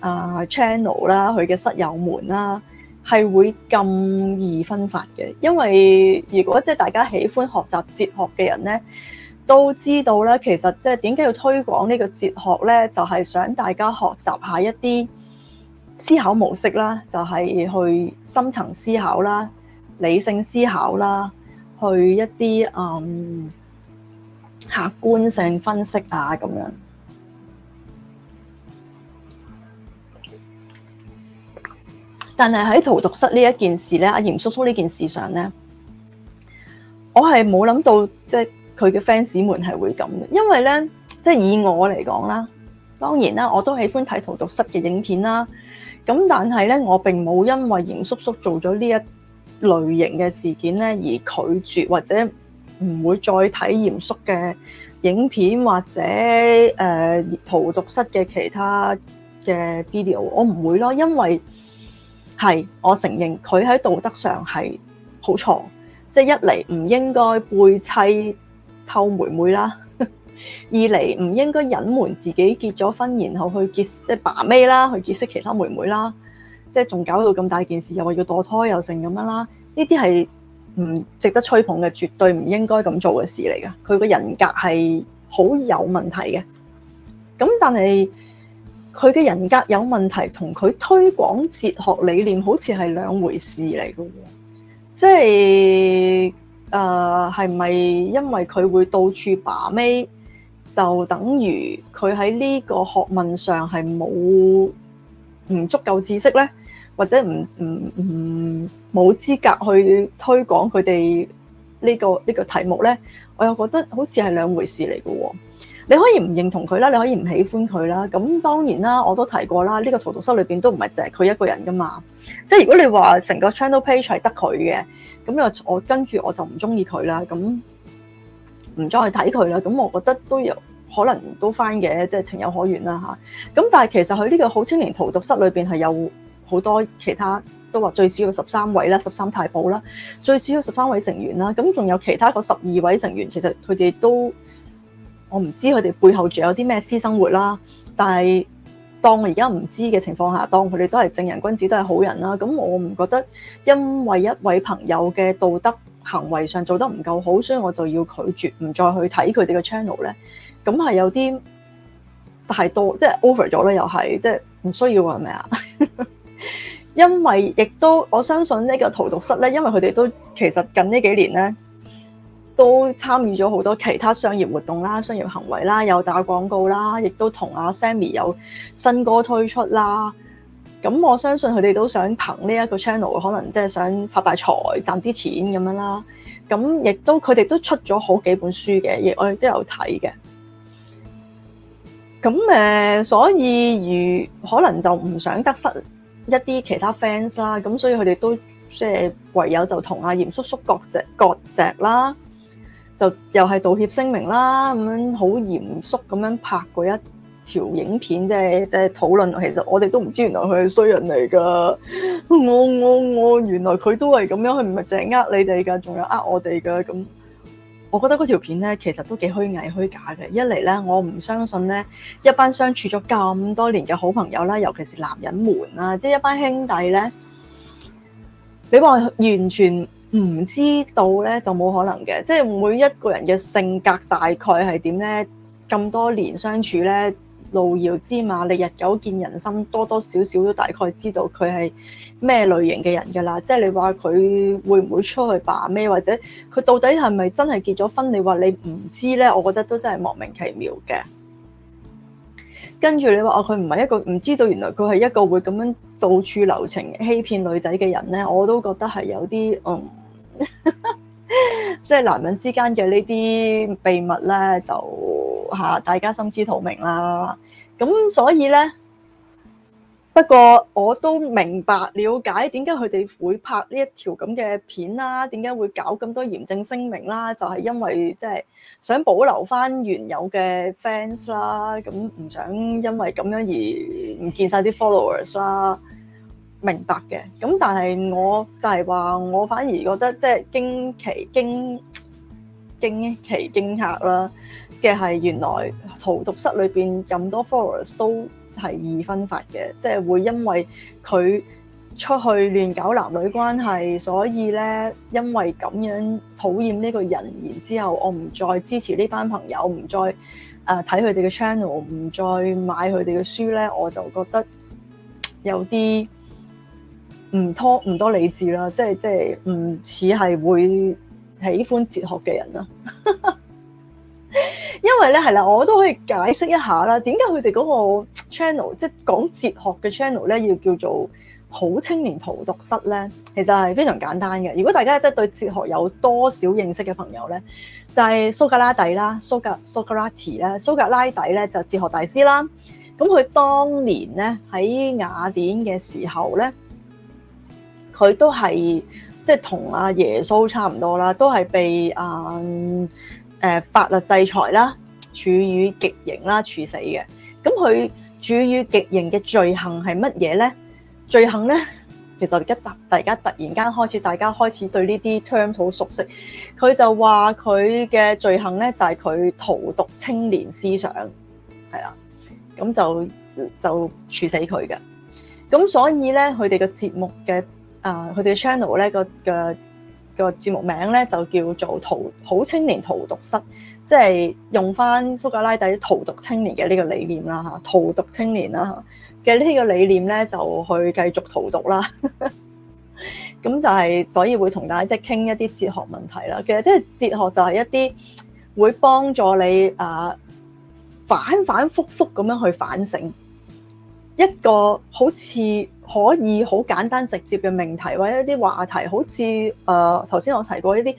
啊 channel 啦，佢嘅室友們啦，係會咁易分發嘅。因為如果即係大家喜歡學習哲學嘅人咧，都知道啦，其實即係點解要推廣呢個哲學咧，就係想大家學習下一啲。思考模式啦，就係、是、去深層思考啦，理性思考啦，去一啲嗯客觀性分析啊，咁樣。但係喺《荼毒室》呢一件事咧，阿、啊、嚴叔叔呢件事上咧，我係冇諗到，即係佢嘅 fans 們係會咁，因為咧，即係以我嚟講啦，當然啦，我都喜歡睇《荼毒室》嘅影片啦。咁但係咧，我並冇因為嚴叔叔做咗呢一類型嘅事件咧而拒絕或者唔會再睇嚴叔嘅影片或者誒荼毒室嘅其他嘅 video，我唔會咯，因為係我承認佢喺道德上係好錯，即係一嚟唔應該背妻偷妹妹啦。二嚟唔應該隱瞞自己結咗婚，然後去結識爸咪啦，去結識其他妹妹啦，即係仲搞到咁大件事，又話要墮胎又等等，又成咁樣啦。呢啲係唔值得吹捧嘅，絕對唔應該咁做嘅事嚟㗎。佢個人格係好有問題嘅。咁但係佢嘅人格有問題，同佢推廣哲學理念好似係兩回事嚟嘅喎。即係誒係咪因為佢會到處爸咪？就等於佢喺呢個學問上係冇唔足夠知識咧，或者唔唔唔冇資格去推廣佢哋呢個呢個題目咧。我又覺得好似係兩回事嚟嘅喎。你可以唔認同佢啦，你可以唔喜歡佢啦。咁當然啦，我都提過啦，呢個荼毒室裏邊都唔係淨係佢一個人噶嘛。即係如果你話成個 channel page 係得佢嘅，咁又我跟住我就唔中意佢啦。咁。唔再去睇佢啦，咁我覺得都有可能都翻嘅，即係情有可原啦嚇。咁但係其實佢呢個好青年荼毒室裏邊係有好多其他，都話最少有十三位啦，十三太保啦，最少有十三位成員啦。咁仲有其他個十二位成員，其實佢哋都，我唔知佢哋背後仲有啲咩私生活啦。但係當而家唔知嘅情況下，當佢哋都係正人君子，都係好人啦。咁我唔覺得因為一位朋友嘅道德。行為上做得唔夠好，所以我就要拒絕，唔再去睇佢哋嘅 channel 咧。咁係有啲太多，即係 over 咗咧，又係即係唔需要，係咪啊？因為亦都我相信呢個荼毒室咧，因為佢哋都其實近呢幾年咧都參與咗好多其他商業活動啦、商業行為啦，有打廣告啦，亦都同阿 Sammy 有新歌推出啦。咁我相信佢哋都想憑呢一個 channel，可能即係想發大財、賺啲錢咁樣啦。咁亦都佢哋都出咗好幾本書嘅，亦我亦都有睇嘅。咁誒，所以如可能就唔想得失一啲其他 fans 啦，咁所以佢哋都即係唯有就同阿嚴叔叔割席割席啦，就又係道歉聲明啦，咁樣好嚴肅咁樣拍過一條影片即係即係討論，其實我哋都唔知原來佢係衰人嚟噶。我我我，原來佢都係咁樣，佢唔係淨係呃你哋噶，仲有呃我哋噶。咁，我覺得嗰條片咧，其實都幾虛偽虛假嘅。一嚟咧，我唔相信咧，一班相處咗咁多年嘅好朋友啦，尤其是男人們啊，即係一班兄弟咧，你話完全唔知道咧，就冇可能嘅。即係每一個人嘅性格大概係點咧，咁多年相處咧。路遙知馬力，你日久見人心，多多少少都大概知道佢係咩類型嘅人噶啦。即係你話佢會唔會出去把咩，或者佢到底係咪真係結咗婚？你話你唔知呢，我覺得都真係莫名其妙嘅。跟住你話佢唔係一個唔知道，原來佢係一個會咁樣到處留情、欺騙女仔嘅人呢，我都覺得係有啲嗯。 即係男人之間嘅呢啲秘密咧，就吓大家心知肚明啦。咁所以咧，不過我都明白了解，點解佢哋會拍呢一條咁嘅片啦？點解會搞咁多嚴正聲明啦？就係因為即係想保留翻原有嘅 fans 啦，咁唔想因為咁樣而唔見晒啲 followers 啦。明白嘅，咁但係我就係話，我反而覺得即係驚，驚，驚奇驚驚奇驚嚇啦嘅係原來荼毒室裏邊咁多 followers 都係二分法嘅，即係會因為佢出去亂搞男女關係，所以咧因為咁樣討厭呢個人，然之後我唔再支持呢班朋友，唔再誒睇佢哋嘅 channel，唔再買佢哋嘅書咧，我就覺得有啲。唔拖唔多理智啦，即係即係唔似係會喜歡哲學嘅人啦。 因為咧係啦，我都可以解釋一下啦。點解佢哋嗰個 channel 即係講哲學嘅 channel 咧，要叫做好青年荼毒室咧，其實係非常簡單嘅。如果大家即係對哲學有多少認識嘅朋友咧，就係、是、蘇格拉底啦，蘇格蘇格拉底咧，蘇格拉底咧就是、哲學大師啦。咁佢當年咧喺雅典嘅時候咧。佢都係即係同阿耶穌差唔多啦，都係被誒、嗯呃、法律制裁啦，處於極刑啦，處死嘅。咁佢處於極刑嘅罪行係乜嘢咧？罪行咧，其實一突大家突然間開始，大家開始對呢啲 terms 好熟悉。佢就話佢嘅罪行咧就係、是、佢荼毒青年思想係啦，咁就就處死佢嘅。咁所以咧，佢哋嘅節目嘅。啊！佢哋嘅 channel 咧，個個個節目名咧就叫做《逃好青年荼毒室》，即係用翻蘇格拉底荼毒青年嘅呢個理念啦嚇，荼、啊、毒青年啦嘅呢個理念咧、啊、就去繼續荼毒啦。咁就係、是、所以會同大家即係傾一啲哲學問題啦。其實即係哲學就係一啲會幫助你啊反反覆覆咁樣去反省一個好似。可以好簡單直接嘅命題或者一啲話題，好似誒頭先我提過一啲誒、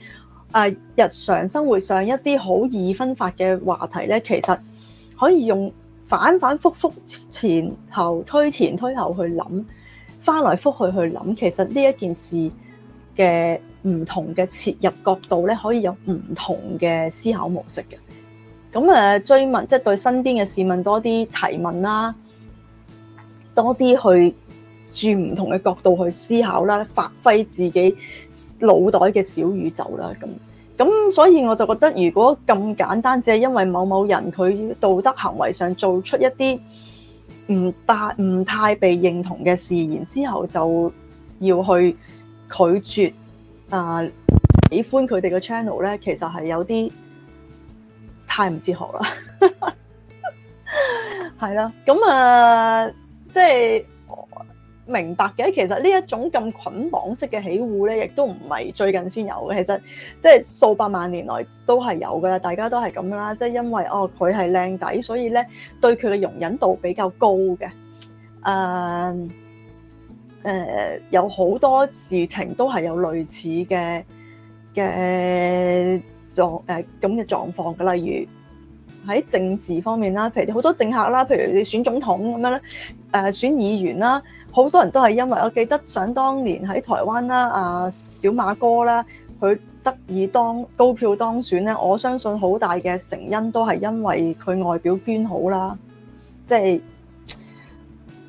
呃、日常生活上一啲好易分發嘅話題咧，其實可以用反反覆覆前後推前推後去諗，翻來覆去去諗，其實呢一件事嘅唔同嘅切入角度咧，可以有唔同嘅思考模式嘅。咁誒追問，即、係、對身邊嘅市民多啲提問啦，多啲去。住唔同嘅角度去思考啦，發揮自己腦袋嘅小宇宙啦，咁咁所以我就覺得，如果咁簡單，只係因為某某人佢道德行為上做出一啲唔大唔太被認同嘅事，然之後就要去拒絕啊、呃、喜歡佢哋嘅 channel 咧，其實係有啲太唔自豪啦，係 啦，咁啊、呃，即係。明白嘅，其實呢一種咁捆綁式嘅喜惡咧，亦都唔係最近先有嘅。其實即係數百萬年來都係有噶啦，大家都係咁啦。即係因為哦，佢係靚仔，所以咧對佢嘅容忍度比較高嘅。誒誒，有好多事情都係有類似嘅嘅狀誒咁嘅狀況嘅，例如，喺政治方面啦，譬如好多政客啦，譬如你選總統咁樣咧，誒選議員啦，好多人都係因為我記得，想當年喺台灣啦，阿小馬哥啦，佢得以當高票當選咧，我相信好大嘅成因都係因為佢外表捐好啦，即係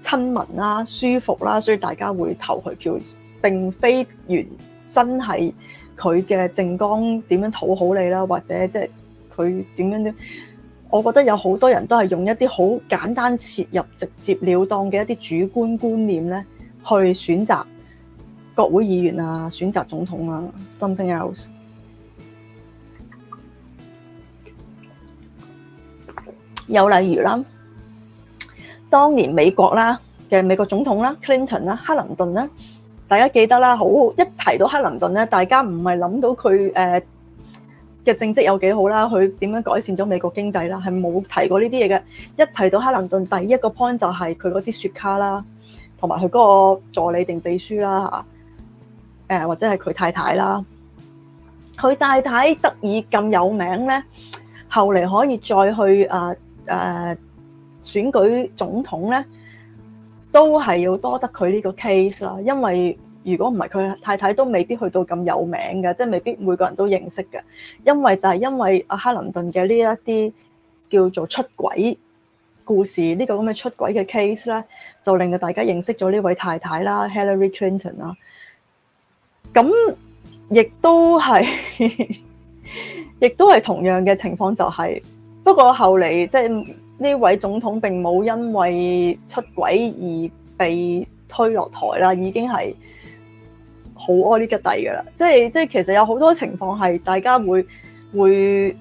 親民啦、舒服啦，所以大家會投佢票。並非原真係佢嘅政綱點樣討好你啦，或者即係佢點樣。點。我覺得有好多人都係用一啲好簡單切入、直接了當嘅一啲主觀觀念咧，去選擇國會議員啊、選擇總統啊，something else。有例如啦，當年美國啦嘅美國總統啦，Clinton 啦，克林頓啦，大家記得啦，好一提到克林頓咧，大家唔係諗到佢誒。嘅政績有幾好啦？佢點樣改善咗美國經濟啦？係冇提過呢啲嘢嘅。一提到克林頓，第一個 point 就係佢嗰支雪茄啦，同埋佢嗰個助理定秘書啦嚇。誒、呃、或者係佢太太啦，佢太太得以咁有名咧，後嚟可以再去啊誒、呃呃、選舉總統咧，都係要多得佢呢個 case 啦，因為。如果唔係佢太太都未必去到咁有名嘅，即係未必每個人都認識嘅。因為就係因為阿克林頓嘅呢一啲叫做出軌故事，呢、呢個咁嘅出軌嘅 case 咧，就令到大家認識咗呢位太太啦，Hillary Clinton 啦。咁亦都係，亦 都係同樣嘅情況、就係，就係不過後嚟即係呢位總統並冇因為出軌而被推落台啦，已經係。好愛呢個底㗎啦，即係即係其實有好多情況係大家會會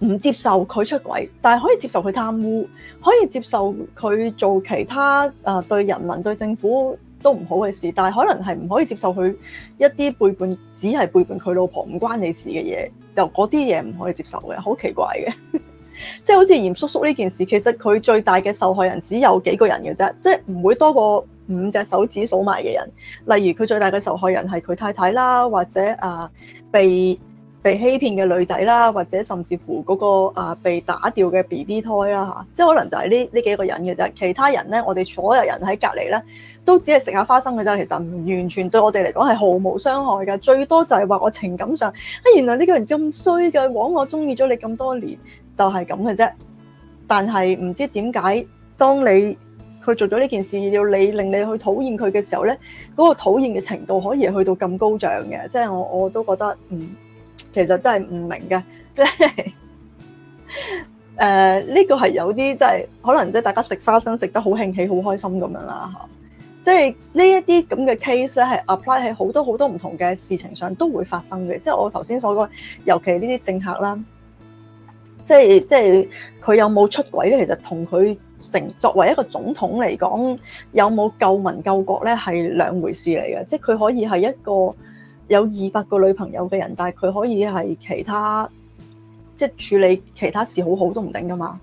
唔接受佢出軌，但係可以接受佢貪污，可以接受佢做其他誒、啊、對人民對政府都唔好嘅事，但係可能係唔可以接受佢一啲背叛，只係背叛佢老婆唔關你事嘅嘢，就嗰啲嘢唔可以接受嘅，好奇怪嘅， 即係好似嚴叔叔呢件事，其實佢最大嘅受害人只有幾個人嘅啫，即係唔會多過。五隻手指數埋嘅人，例如佢最大嘅受害人係佢太太啦，或者啊被被欺騙嘅女仔啦，或者甚至乎嗰個啊被打掉嘅 BB 胎啦、嚇、即係可能就係呢呢幾個人嘅啫。其他人咧，我哋所有人喺隔離咧，都只係食下花生嘅啫。其實唔完全對我哋嚟講係毫無傷害嘅，最多就係話我情感上啊、哎、原來呢個人咁衰嘅，枉我中意咗你咁多年就係咁嘅啫。但係唔知點解當你佢做咗呢件事，要你令你去討厭佢嘅時候咧，嗰個討厭嘅程度可以去到咁高漲嘅，即係我我都覺得，嗯，其實真係唔明嘅，即係，誒呢個係有啲即係可能即係大家食花生食得好興起、好開心咁樣啦嚇，即係呢一啲咁嘅 case 咧，係 apply 喺好多好多唔同嘅事情上都會發生嘅，即係我頭先所講，尤其呢啲政客啦，即係即係佢有冇出軌咧，其實同佢。成作為一個總統嚟講，有冇救民救國咧，係兩回事嚟嘅。即係佢可以係一個有二百個女朋友嘅人，但係佢可以係其他，即係處理其他事好好都唔定噶嘛。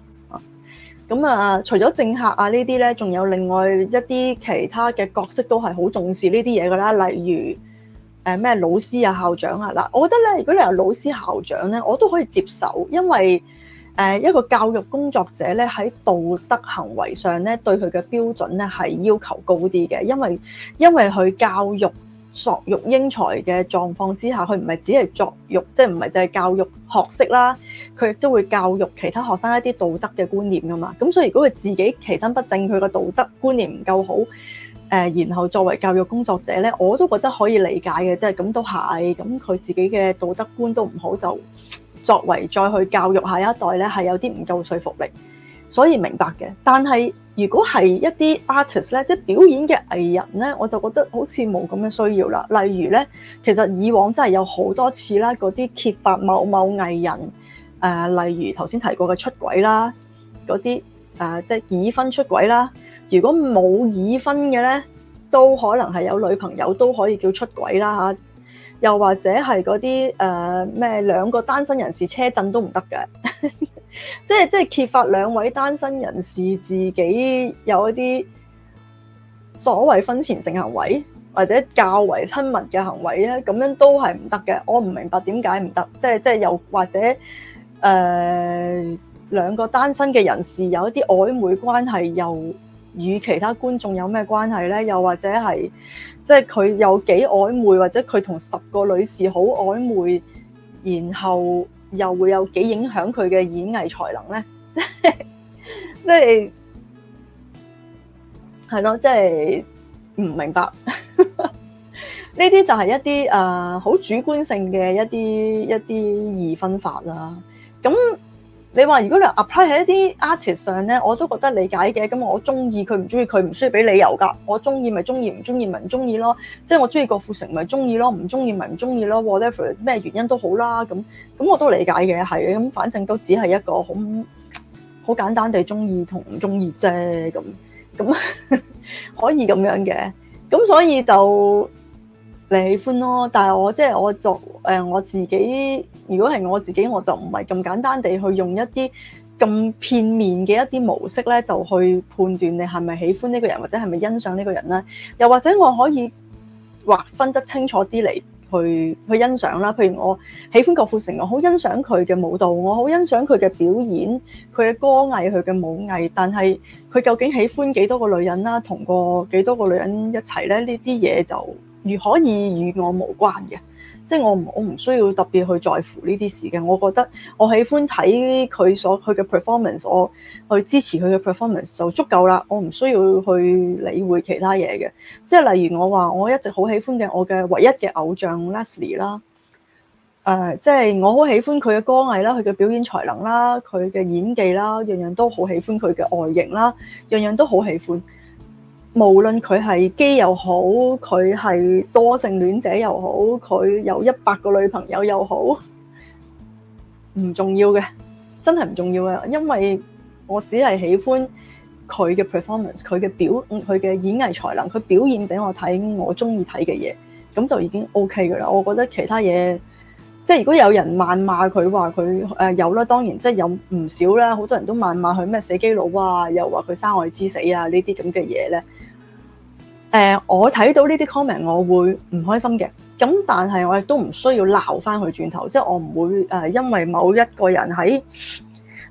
咁啊，除咗政客啊呢啲咧，仲有另外一啲其他嘅角色都係好重視呢啲嘢噶啦。例如誒咩、呃、老師啊、校長啊嗱，我覺得咧，如果你係老師、校長咧，我都可以接受，因為，誒一個教育工作者咧，喺道德行為上咧，對佢嘅標準咧係要求高啲嘅，因為因為佢教育作育英才嘅狀況之下，佢唔係只係作育即係唔係淨係教育學識啦，佢亦都會教育其他學生一啲道德嘅觀念噶嘛。咁所以如果佢自己其身不正，佢個道德觀念唔夠好、呃，然後作為教育工作者咧，我都覺得可以理解嘅，即係咁都係，咁佢自己嘅道德觀都唔好就。作為再去教育下一代咧，係有啲唔夠說服力，所以明白嘅。但係如果係一啲 artist 咧，即係表演嘅藝人咧，我就覺得好似冇咁嘅需要啦。例如咧，其實以往真係有好多次啦，嗰啲揭發某某藝人，誒、呃，例如頭先提過嘅出軌啦，嗰啲誒，即係已婚出軌啦。如果冇已婚嘅咧，都可能係有女朋友都可以叫出軌啦嚇。又或者係嗰啲誒咩兩個單身人士車震都唔得嘅，即係即係揭發兩位單身人士自己有一啲所謂婚前性行為或者較為親密嘅行為咧，咁樣都係唔得嘅。我唔明白點解唔得，即係即係又或者誒、呃、兩個單身嘅人士有一啲曖昧關係又。與其他觀眾有咩關係咧？又或者係即係佢有幾曖昧，或者佢同十個女士好曖昧，然後又會有幾影響佢嘅演藝才能咧？即係即係係咯，即係唔明白呢啲 就係一啲誒好主觀性嘅一啲一啲二分法啦。咁。你話如果你 apply 喺一啲 artist 上咧，我都覺得理解嘅。咁我中意佢，唔中意佢唔需要俾理由噶。我中意咪中意，唔中意咪唔中意咯。即係我中意郭富城咪中意咯，唔中意咪唔中意咯。Whatever 咩原因都好啦。咁咁我都理解嘅，係，咁反正都只係一個好好簡單地中意同唔中意啫。咁咁 可以咁樣嘅。咁所以就。你喜歡咯，但係我即係我做誒我、呃、我自己。如果係我自己，我就唔係咁簡單地去用一啲咁片面嘅一啲模式咧，就去判斷你係咪喜歡呢個人或者係咪欣賞呢個人啦。又或者我可以劃分得清楚啲嚟去去欣賞啦。譬如我喜歡郭富城，我好欣賞佢嘅舞蹈，我好欣賞佢嘅表演，佢嘅歌藝，佢嘅舞藝。但係佢究竟喜歡幾多個女人啦？同過幾多個女人一齊咧？呢啲嘢就～如可以與我無關嘅，即係我唔我唔需要特別去在乎呢啲事嘅。我覺得我喜歡睇佢所佢嘅 performance，我去支持佢嘅 performance 就足夠啦。我唔需要去理會其他嘢嘅。即係例如我話我一直好喜歡嘅我嘅唯一嘅偶像 Leslie 啦、呃，誒即係我好喜歡佢嘅歌藝啦，佢嘅表演才能啦，佢嘅演技啦，樣樣都好喜歡佢嘅外形啦，樣樣都好喜歡。無論佢係基又好，佢係多性戀者又好，佢有一百個女朋友又好，唔重要嘅，真係唔重要嘅。因為我只係喜歡佢嘅 performance，佢嘅表，佢嘅演藝才能，佢表現俾我睇，我中意睇嘅嘢，咁就已經 OK 噶啦。我覺得其他嘢，即係如果有人謾罵佢話佢誒有啦，當然即係有唔少啦，好多人都謾罵佢咩死基佬啊，又話佢生愛之死啊呢啲咁嘅嘢咧。這些這誒、呃，我睇到呢啲 comment，我會唔開心嘅。咁但係我亦都唔需要鬧翻佢轉頭，即係我唔會誒、呃，因為某一個人喺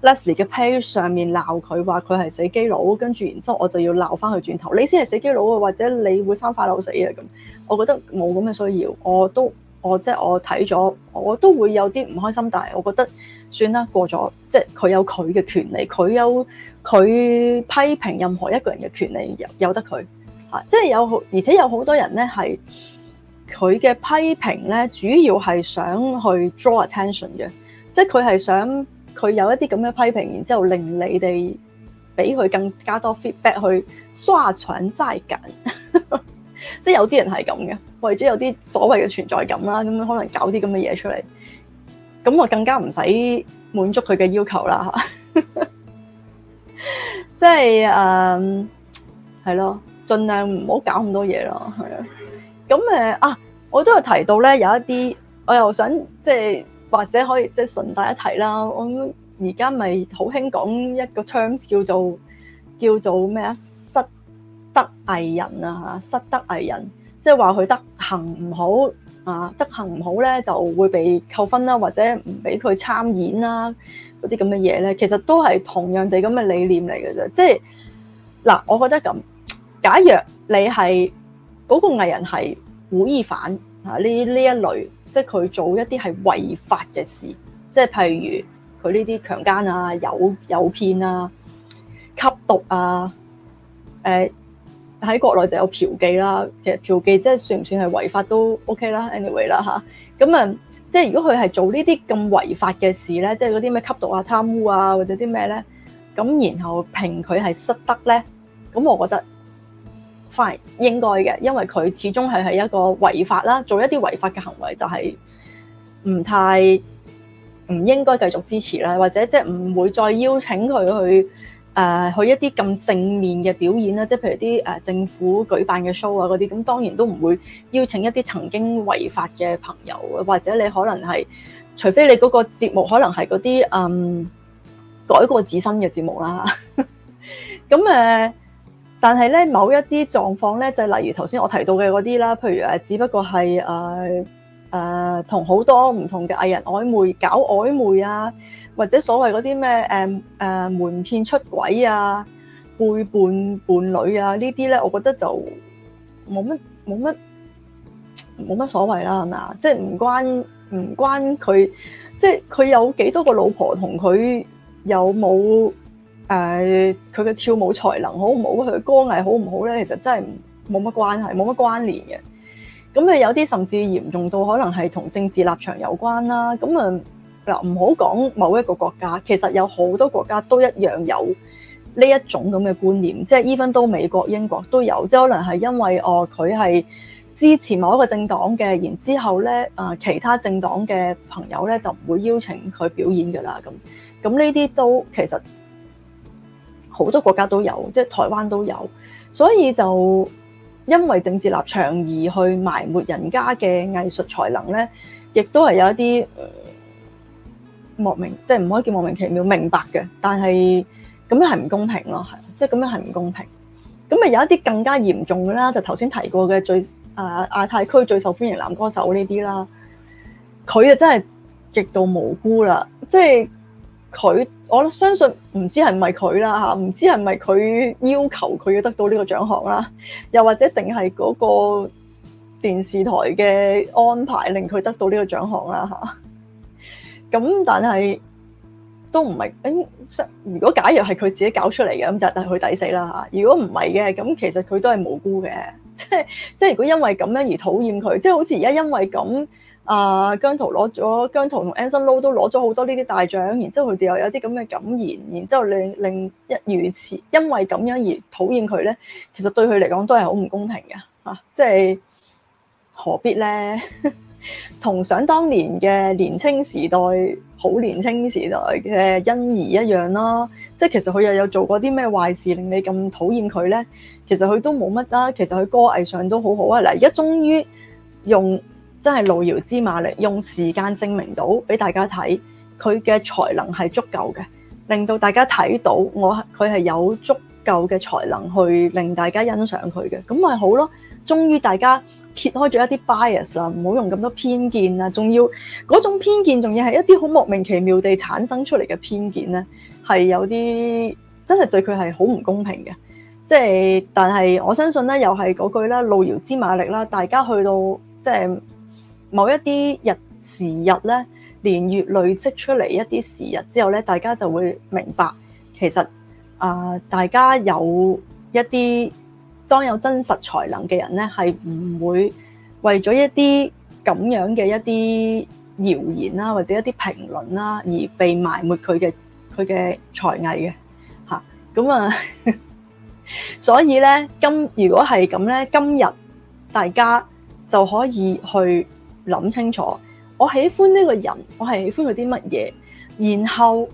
Leslie 嘅 page 上面鬧佢，話佢係死基佬，跟住然之後我就要鬧翻佢轉頭，你先係死基佬啊，或者你會生快樓死啊咁。咁我覺得冇咁嘅需要。我都我即係我睇咗，我都會有啲唔開心，但係我覺得算啦，過咗即係佢有佢嘅權利，佢有佢批評任何一個人嘅權利，由由得佢。即係有好，而且有好多人咧，係佢嘅批評咧，主要係想去 draw attention 嘅，即係佢係想佢有一啲咁嘅批評，然之後令你哋俾佢更加多 feedback 去刷搶齋緊，即 係有啲人係咁嘅，為咗有啲所謂嘅存在感啦，咁樣可能搞啲咁嘅嘢出嚟，咁我更加唔使滿足佢嘅要求啦吓。即係嗯，係 咯、就是。Um, 對。盡量唔好搞咁多嘢咯，係啊。咁誒啊，我都有提到咧有一啲，我又想即係或者可以即係順帶一提啦。我而家咪好興講一個 terms 叫做叫做咩啊，失德藝人啊，失德藝人，即係話佢德行唔好啊，德行唔好咧就會被扣分啦，或者唔俾佢參演啦嗰啲咁嘅嘢咧，其實都係同樣哋咁嘅理念嚟嘅啫，即係嗱，我覺得咁。假若你係嗰個藝人係故意犯啊，呢呢一類即係佢做一啲係違法嘅事，即係譬如佢呢啲強奸啊、誘誘騙啊、吸毒啊，誒、欸、喺國內就有嫖妓啦。其實嫖妓即係算唔算係違法都 OK 啦，anyway 啦嚇咁啊。即係如果佢係做呢啲咁違法嘅事咧，即係嗰啲咩吸毒啊、貪污啊或者啲咩咧，咁然後評佢係失德咧，咁我覺得。快應該嘅，因為佢始終係係一個違法啦，做一啲違法嘅行為就係唔太唔應該繼續支持啦，或者即係唔會再邀請佢去誒、呃、去一啲咁正面嘅表演啦，即係譬如啲誒政府舉辦嘅 show 啊嗰啲，咁當然都唔會邀請一啲曾經違法嘅朋友，或者你可能係除非你嗰個節目可能係嗰啲嗯改過自新嘅節目啦，咁 誒。但係咧，某一啲狀況咧，就係例如頭先我提到嘅嗰啲啦，譬如誒，只不過係誒誒同好多唔同嘅藝人曖昧、搞曖昧啊，或者所謂嗰啲咩誒誒門騙、出軌啊、背叛伴侶啊，呢啲咧，我覺得就冇乜冇乜冇乜所謂啦，係咪啊？即係唔關唔關佢，即係佢有幾多個老婆同佢有冇？誒佢嘅跳舞才能好唔好，佢歌藝好唔好咧？其實真係冇乜關係，冇乜關聯嘅。咁你有啲甚至嚴重到可能係同政治立場有關啦。咁啊嗱，唔好講某一個國家，其實有好多國家都一樣有呢一種咁嘅觀念，即係 even 都美國、英國都有。即係可能係因為哦，佢、呃、係支持某一個政黨嘅，然之後咧啊、呃，其他政黨嘅朋友咧就唔會邀請佢表演噶啦。咁咁呢啲都其實。好多國家都有，即係台灣都有，所以就因為政治立場而去埋沒人家嘅藝術才能咧，亦都係有一啲、呃、莫名，即係唔可以叫莫名其妙明白嘅。但係咁樣係唔公平咯，係即係咁樣係唔公平。咁啊有一啲更加嚴重嘅啦，就頭先提過嘅最誒亞太區最受歡迎男歌手呢啲啦，佢就真係極度無辜啦，即係佢。我相信唔知係唔係佢啦嚇，唔知係唔係佢要求佢要得到呢個獎項啦，又或者定係嗰個電視台嘅安排令佢得到呢個獎項啦嚇。咁但係都唔係，誒，如果假如係佢自己搞出嚟嘅，咁就係佢抵死啦嚇。如果唔係嘅，咁其實佢都係無辜嘅，即係即係如果因為咁樣而討厭佢，即係好似而家因為咁。啊、uh，姜濤攞咗姜濤同 Anson Lo 都攞咗好多呢啲大獎，然之後佢哋又有啲咁嘅感言，然之後令令一如此，因為咁樣而討厭佢咧，其實對佢嚟講都係好唔公平嘅吓，即係何必咧？同 想當年嘅年青時代，好年青時代嘅欣宜一樣啦，即係其實佢又有做過啲咩壞事令你咁討厭佢咧？其實佢都冇乜啦，其實佢歌藝上都好好啊。嗱，而家終於用。真係路遙知馬力，用時間證明到俾大家睇佢嘅才能係足夠嘅，令到大家睇到我佢係有足夠嘅才能去令大家欣賞佢嘅咁咪好咯。終於大家揭開咗一啲 bias 啦，唔好用咁多偏見啊。仲要嗰種偏見，仲要係一啲好莫名其妙地產生出嚟嘅偏見咧，係有啲真係對佢係好唔公平嘅。即係但係我相信咧，又係嗰句啦，路遙知馬力啦，大家去到即係。某一啲日時日咧，年月累積出嚟一啲時日之後咧，大家就會明白，其實啊、呃，大家有一啲當有真實才能嘅人咧，係唔會為咗一啲咁樣嘅一啲謠言啦、啊，或者一啲評論啦、啊，而被埋沒佢嘅佢嘅才藝嘅嚇。咁啊，啊 所以咧，今如果係咁咧，今日大家就可以去。諗清楚，我喜歡呢個人，我係喜歡佢啲乜嘢，然後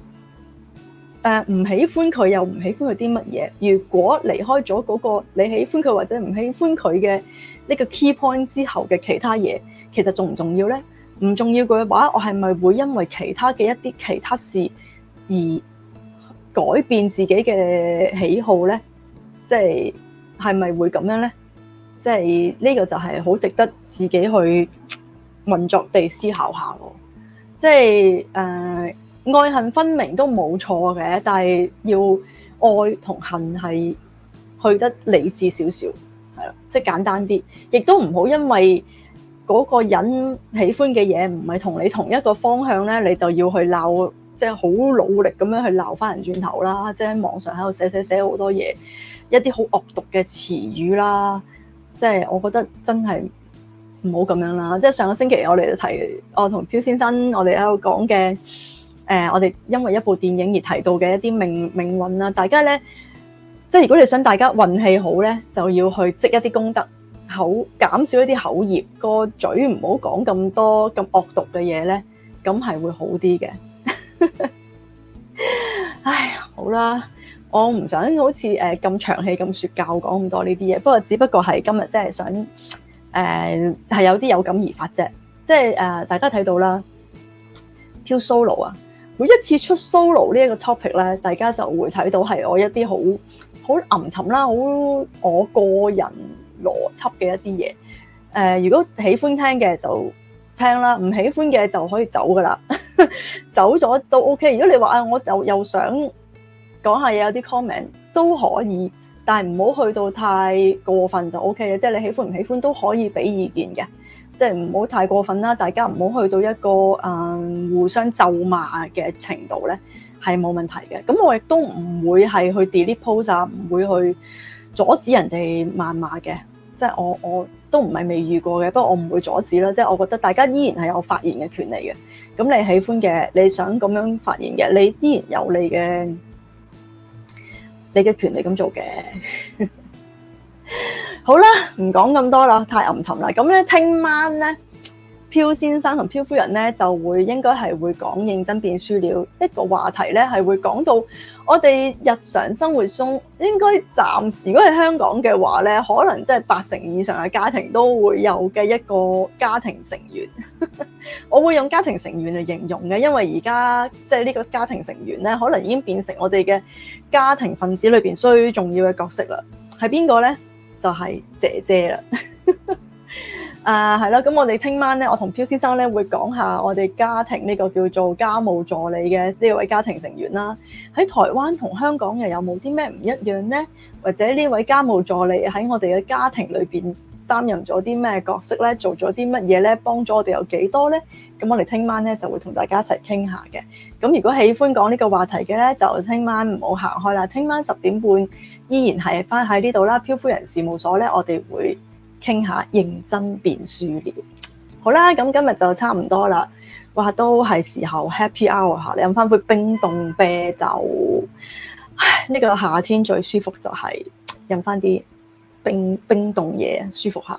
誒唔喜歡佢又唔喜歡佢啲乜嘢。如果離開咗嗰個你喜歡佢或者唔喜歡佢嘅呢個 key point 之後嘅其他嘢，其實重唔重要呢？唔重要嘅話，我係咪會因為其他嘅一啲其他事而改變自己嘅喜好呢？即係係咪會咁樣呢？即係呢個就係好值得自己去。民族地思考下咯，即係誒、呃、愛恨分明都冇錯嘅，但係要愛同恨係去得理智少少，係啦，即係簡單啲，亦都唔好因為嗰個人喜歡嘅嘢唔係同你同一個方向咧，你就要去鬧，即係好努力咁樣去鬧翻人轉頭啦，即係喺網上喺度寫寫寫好多嘢，一啲好惡毒嘅詞語啦，即係我覺得真係。唔好咁樣啦，即係上個星期我哋就提，我同漂先生我哋喺度講嘅，誒、呃，我哋因為一部電影而提到嘅一啲命命運啦、啊，大家咧，即係如果你想大家運氣好咧，就要去積一啲功德口，減少一啲口業，個嘴唔好講咁多咁惡毒嘅嘢，咧，咁係會好啲嘅。 唉，好啦，我唔想好似誒咁長氣咁說教，講咁多呢啲嘢，不過只不過係今日即係想。誒係、呃、有啲有感而發啫，即係誒、呃、大家睇到啦，漂 solo 啊，每一次出 solo 呢一個 topic 咧，大家就會睇到係我一啲好好吟沉啦，好我個人邏輯嘅一啲嘢。誒、呃，如果喜歡聽嘅就聽啦，唔喜歡嘅就可以走㗎喇， 走咗都 OK。如果你話啊，我就又想講下嘢，有啲 comment 都可以。但係唔好去到太過分就 OK 嘅，即係你喜歡唔喜歡都可以俾意見嘅，即係唔好太過分啦。大家唔好去到一個誒互相咒罵嘅程度咧，係冇問題嘅。咁我亦都唔會係去 delete post，唔會去阻止人哋謾罵嘅。即係我我都唔係未遇過嘅，不過我唔會阻止啦。即係我覺得大家依然係有發言嘅權利嘅。咁你喜歡嘅，你想咁樣發言嘅，你依然有你嘅。你嘅權利咁做嘅， 好啦，唔講咁多啦，太暗沉啦。咁呢，聽晚呢。漂先生同漂夫人咧就會應該係會講認真變輸了一個話題咧，係會講到我哋日常生活中應該暫時，如果係香港嘅話咧，可能即係八成以上嘅家庭都會有嘅一個家庭成員。 我會用家庭成員嚟形容嘅，因為而家即係呢個家庭成員咧，可能已經變成我哋嘅家庭分子裏邊最重要嘅角色啦。係邊個咧？就係、係、姐姐啦。 啊，係啦，咁我哋聽晚咧，我同漂先生咧會講下我哋家庭呢個叫做家務助理嘅呢位家庭成員啦。喺台灣同香港又有冇啲咩唔一樣咧？或者呢位家務助理喺我哋嘅家庭裏邊擔任咗啲咩角色咧？做咗啲乜嘢咧？幫咗我哋有幾多咧？咁我哋聽晚咧就會同大家一齊傾下嘅。咁如果喜歡講呢個話題嘅咧，就聽晚唔好行開啦。聽晚十點半依然係返喺呢度啦。漂夫人事務所咧，我哋會。傾下認真變輸了，好啦，咁今日就差唔多啦。哇，都係時候 happy hour 下，你飲翻杯冰凍啤酒。呢、呢個夏天最舒服就係飲翻啲冰冰凍嘢，舒服下。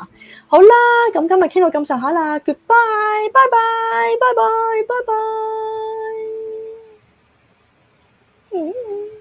好啦，咁今日傾到咁上下啦，goodbye，Bye bye，Bye bye，Bye bye, bye, bye, bye, bye。嗯